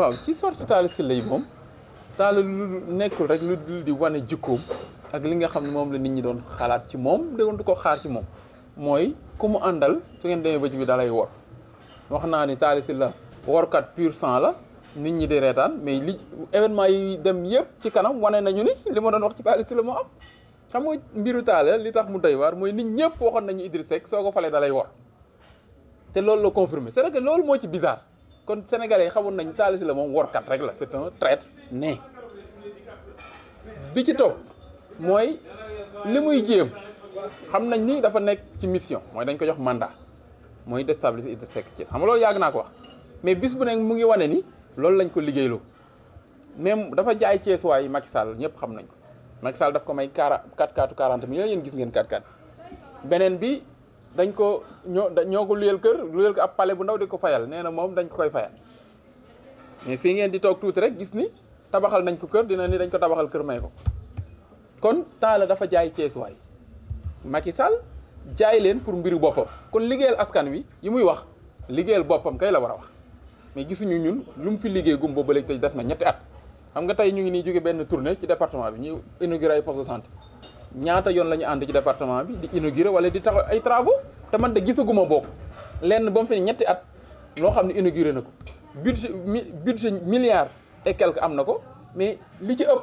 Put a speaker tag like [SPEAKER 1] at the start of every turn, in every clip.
[SPEAKER 1] waaw ci sorti Talla Sylla yi moom Talla lu nekkul rek lu dul di wane jikkoom ak li nga xam ne moom la nit ñi doon xalaat ci moom doon ko xaar ci moom mooy ku mu àndal su ngeen demee bëcc bi da lay wor wax naa ni Talla Sylla workat pur sang la nit ñi di reetaan mais li événement yi dem yëpp ci kanam wane nañu ni li ma doon wax ci Talla Sylla moo am xam nga mbiru Talla li tax mu doy waar mooy nit ñëpp waxoon nañu Idrissa Seck soo ko falee da lay wor te loolu la loolu moo ci bizarre kon sénégalais yi xamoon nañ Talla la moom workat rek la c'est un traître né bi ci topp mooy li muy jéem xam nañ ni dafa nekk ci mission mooy dañ ko jox mandat mooy déstabiliser Idrissa Seck Thiès xam nga loolu yàgg naa ko wax mais bis bu nekk mu ngi wane ni loolu lañ ko liggéeyloo même dafa jaay Thiès waay Macky Sall ñëpp xam nañ ko Macky Sall daf ko may 4 4 40 millions yéen gis ngeen 4 4 beneen bi dañ ko ñoo ñoo ko luyal kër luyal ko ab pale bu ndaw di ko fayal nee na moom dañ ko koy fayal mais fii ngeen di toog tuuti rek gis ni tabaxal nañ ko kër dina ni dañ ko tabaxal kër may ko kon taala dafa jaay ceesuwaay Macky Sall jaay leen pour mbiru boppam kon liggéeyal askan wi yi muy wax liggéeyal boppam kay la war a wax mais gisuñu ñun lu mu fi liggéey gum boobu léegi tey def na ñetti at xam nga tey ñu ngi nii jóge benn tournée ci département bi ñu inauguré ay poste de ñaata yoon la ñu ànd ci département bi di inauguré wala di tax ay travaux te man de gisaguma bokk lenn ba mu fi ne ñetti at loo xam ne inauguré na ko budget budget milliard et quelque am na ko mais li ci ëpp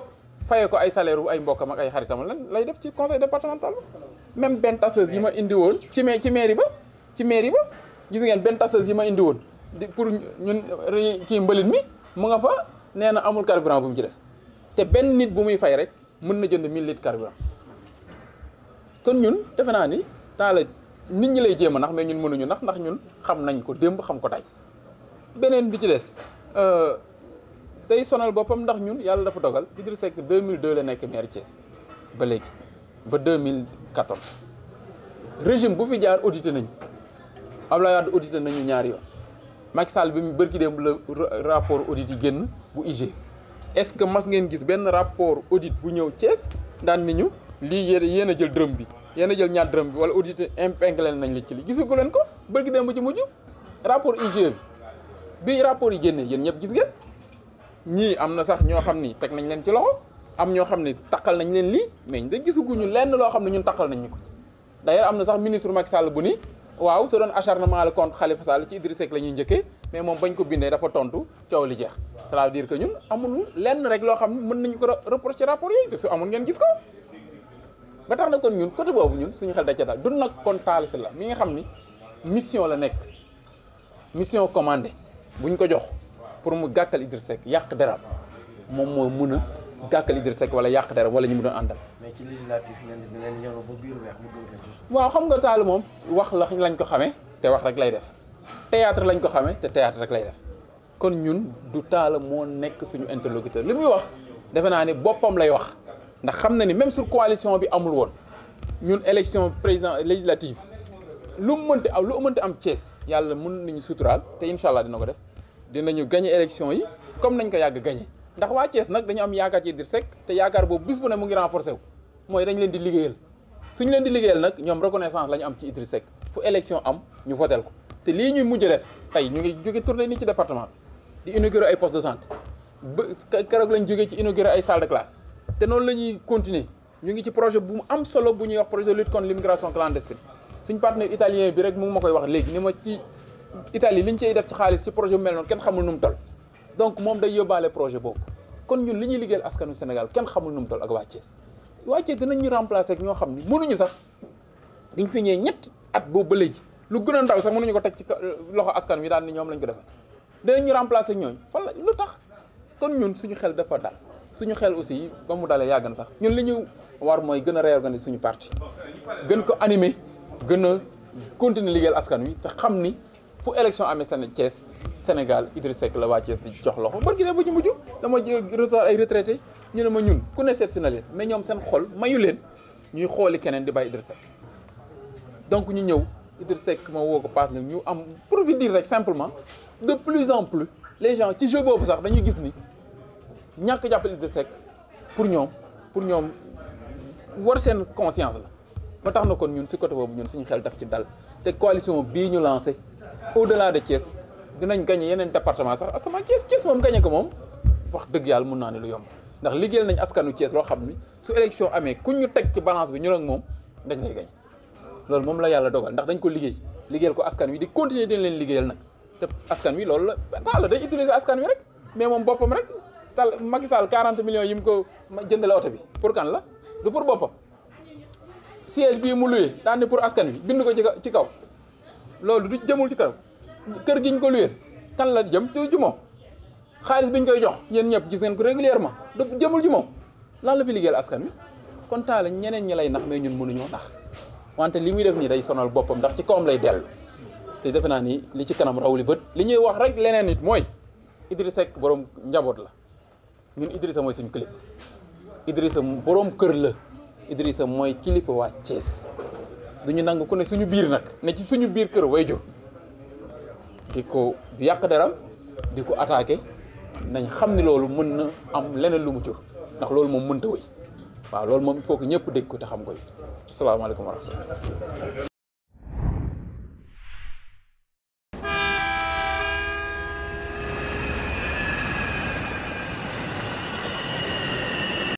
[SPEAKER 1] fayee ko ay salaire bu ay mbokkam ak ay xaritam lan lay def ci conseil départemental même benn tasseuse yi ma indi woon ci ma ci mairie ba ci mairie ba gis ngeen benn tasseuse yi ma indi woon di pour ñun kii mbalit mi mu nga fa nee na amul carburant bu mu ci def te benn nit bu muy fay rek mën na jënd 1000 litres carburant kon ñun defe naa ni taala nit ñi lay jéem a nax mais ñun mënuñu nax ndax ñun xam nañ ko démb xam ko tey beneen bi ci des euh, day sonal boppam ndax ñun yàlla dafa dogal Idriss mille 2002 la nekk maire Thiès ba léegi ba 2014 régime bu fi jaar audité nañu Abdoulaye Wade audité nañu ñaari yoon Macky Sall bi mu bërki démb la rapport audit yi génn bu IG est-ce que mas ngeen gis benn rapport audit bu ñëw Thiès daan ni ñu lii yéen yéen a jël dërëm bi yéen jël ñaar dërëm bi wala audité leen nañ la ci li gisagu leen ko bërgi dem ba ci mujj rapport IGE bi bi rapport yi e génnee yéen ñëpp gis ngeen ñii am na sax ñoo xam ni teg nañ leen ci loxo am ñoo xam ne taqal nañ leen lii mais da gisaguñu lenn loo xam ne ñun taqal nañ ñu ko d'ailleurs am na sax ministre Macky Sall bu ni waaw su doon acharnement la contre Khalifa Sall ci Idrissa Seck njëkkee mais moom bañ ko bindee dafa tontu coow li jeex cest que ñun amul lenn rek loo xam ne mën nañu ko reprocher rapport yooyu amul ngeen gis ko ba tax na kon ñun côté boobu ñun suñu xel da ca daal du nag kon Talla Sylla mi nga xam ni mission la nekk mission commandée buñ ko jox pour mu gàkkal Idrissa Seck yàq deram moom moo mun a gàkkal Idrissa Seck wala yàq deram wala ñu mu doon àndal. mais ci législatif waaw xam nga Talla moom wax la lañ ko xamee te wax rek lay def théâtre lañ ko xamee te théâtre rek lay def kon ñun du Talla moo nekk suñu interlocuteur li muy wax defe naa ne boppam lay wax. ndax xam na ni même sur coalition bi amul woon ñun élection président législative lu mu mënti am lu mënti am Thiès yàlla mën nañu suturaal te incha allah dina ko def dinañu gagné élection yi comme nañ ko yàgg gagné ndax waa Thiès nag dañu am yaakaar ci Idriss Seck te yaakaar boobu bis bu ne mu ngi renforcé mooy dañ leen di liggéeyal suñu leen di liggéeyal nag ñoom reconnaissance la ñu am ci Idriss Seck fu élection am ñu votel ko te lii ñuy mujj def tey ñu ngi jóge tournée nii ci département di inaugurer ay poste de santé ba keroog jógee ci inaugurer ay salle de classe te noonu la ñuy continuer ñu ngi ci projet bu mu am solo bu ñuy wax projet de lutte contre l'immigration clandestine suñ partenaire italien bi rek mu ngi ma koy wax léegi ni ma ci Italie li ñu cay def ci xaalis ci projet bu mel noonu kenn xamul nu mu toll donc moom day yóbbaale projet boobu kon ñun li ñuy liggéeyal askanu Sénégal kenn xamul nu mu toll ak waa Thiès waa Thiès ñu remplacer ak ñoo xam ni mënuñu sax dañ fi ñëwee ñett at boobu ba léegi lu gën a ndaw sax mënuñu ko teg ci loxo askan wi daal ni ñoom lañ ko defee dinañ ñu remplacer ak fan la lu tax kon ñun suñu xel dafa dal suñu xel aussi ba mu dalee yàgg na sax ñun li ñu war mooy gën a réorganiser suñu parti gën ko animer gën a continuer liggéeyal askan wi te xam ni fu élection amee seen Thiès Sénégal Idriss Seck la waa Thiès di jox loxo barki bu ci mujj dama recevoir ay retraité ñu ne ma ñun ku ne seet si na leen mais ñoom seen xol mayu leen ñuy xooli keneen di bàyyi Idriss Seck donc ñu ñëw Idriss Seck ma woo ko paas la ñu am pour dire rek simplement de plus en plus les gens ci jeu sax dañuy gis ni ñàkk jàppale Idrissa Seck pour ñoom pour ñoom war seen conscience la ba tax na kon ñun si côté boobu ñun suñu xel daf ci dal te coalition bii ñu lancé au-delà de Thiès dinañ gagné yeneen département sax asama ah, Thiès Thiès moom gagné ko moom wax dëgg yàlla mun naa ne lu yomb ndax liggéeyal nañ askanu Thiès loo xam ni su élection amee ku ñu teg ci balance bi ñu ak moom dañ lay gañ loolu moom la yàlla dogal ndax dañ ko liggéey liggéeyal ko askan wi di continuer dañ leen liggéeyal nag te wi loolu la askan Sall Macky Sall 40 millions yi mu ko jëndale oto bi pour kan la du pour boppam siège bii mu luye daan ni pour askan wi bind ko ci ci kaw loolu du jëmul ci kaw kër gi ñu ko luye kan la jëm ci ci moom xaalis biñ koy jox yéen ñëpp gis ngeen ko régulièrement du jëmul ci moom lan la fi liggéeyal askan wi kon taala ñeneen ñi lay nax mais ñun ñoo nax wante li muy def nii day sonal boppam ndax ci kawam lay dell te defe naa ni li ci kanam raw li bët li ñuy wax rek leneen nit mooy Idrissa Seck borom njaboot la. ñun Idrissa mooy suñu kilifa Idrissa boroom kër la Idrissa mooy kilifa waa Thiès duñu nangu ku ne suñu biir nag ne ci suñu biir kër way jur di ko yàq daram di ko attaqué nañ xam ni loolu mën na am leneen lu mu jur ndax loolu moom mënta wéy waaw loolu moom il faut que ñëpp dégg ko te xam ko yi asalaamaaleykum wa rahmatulah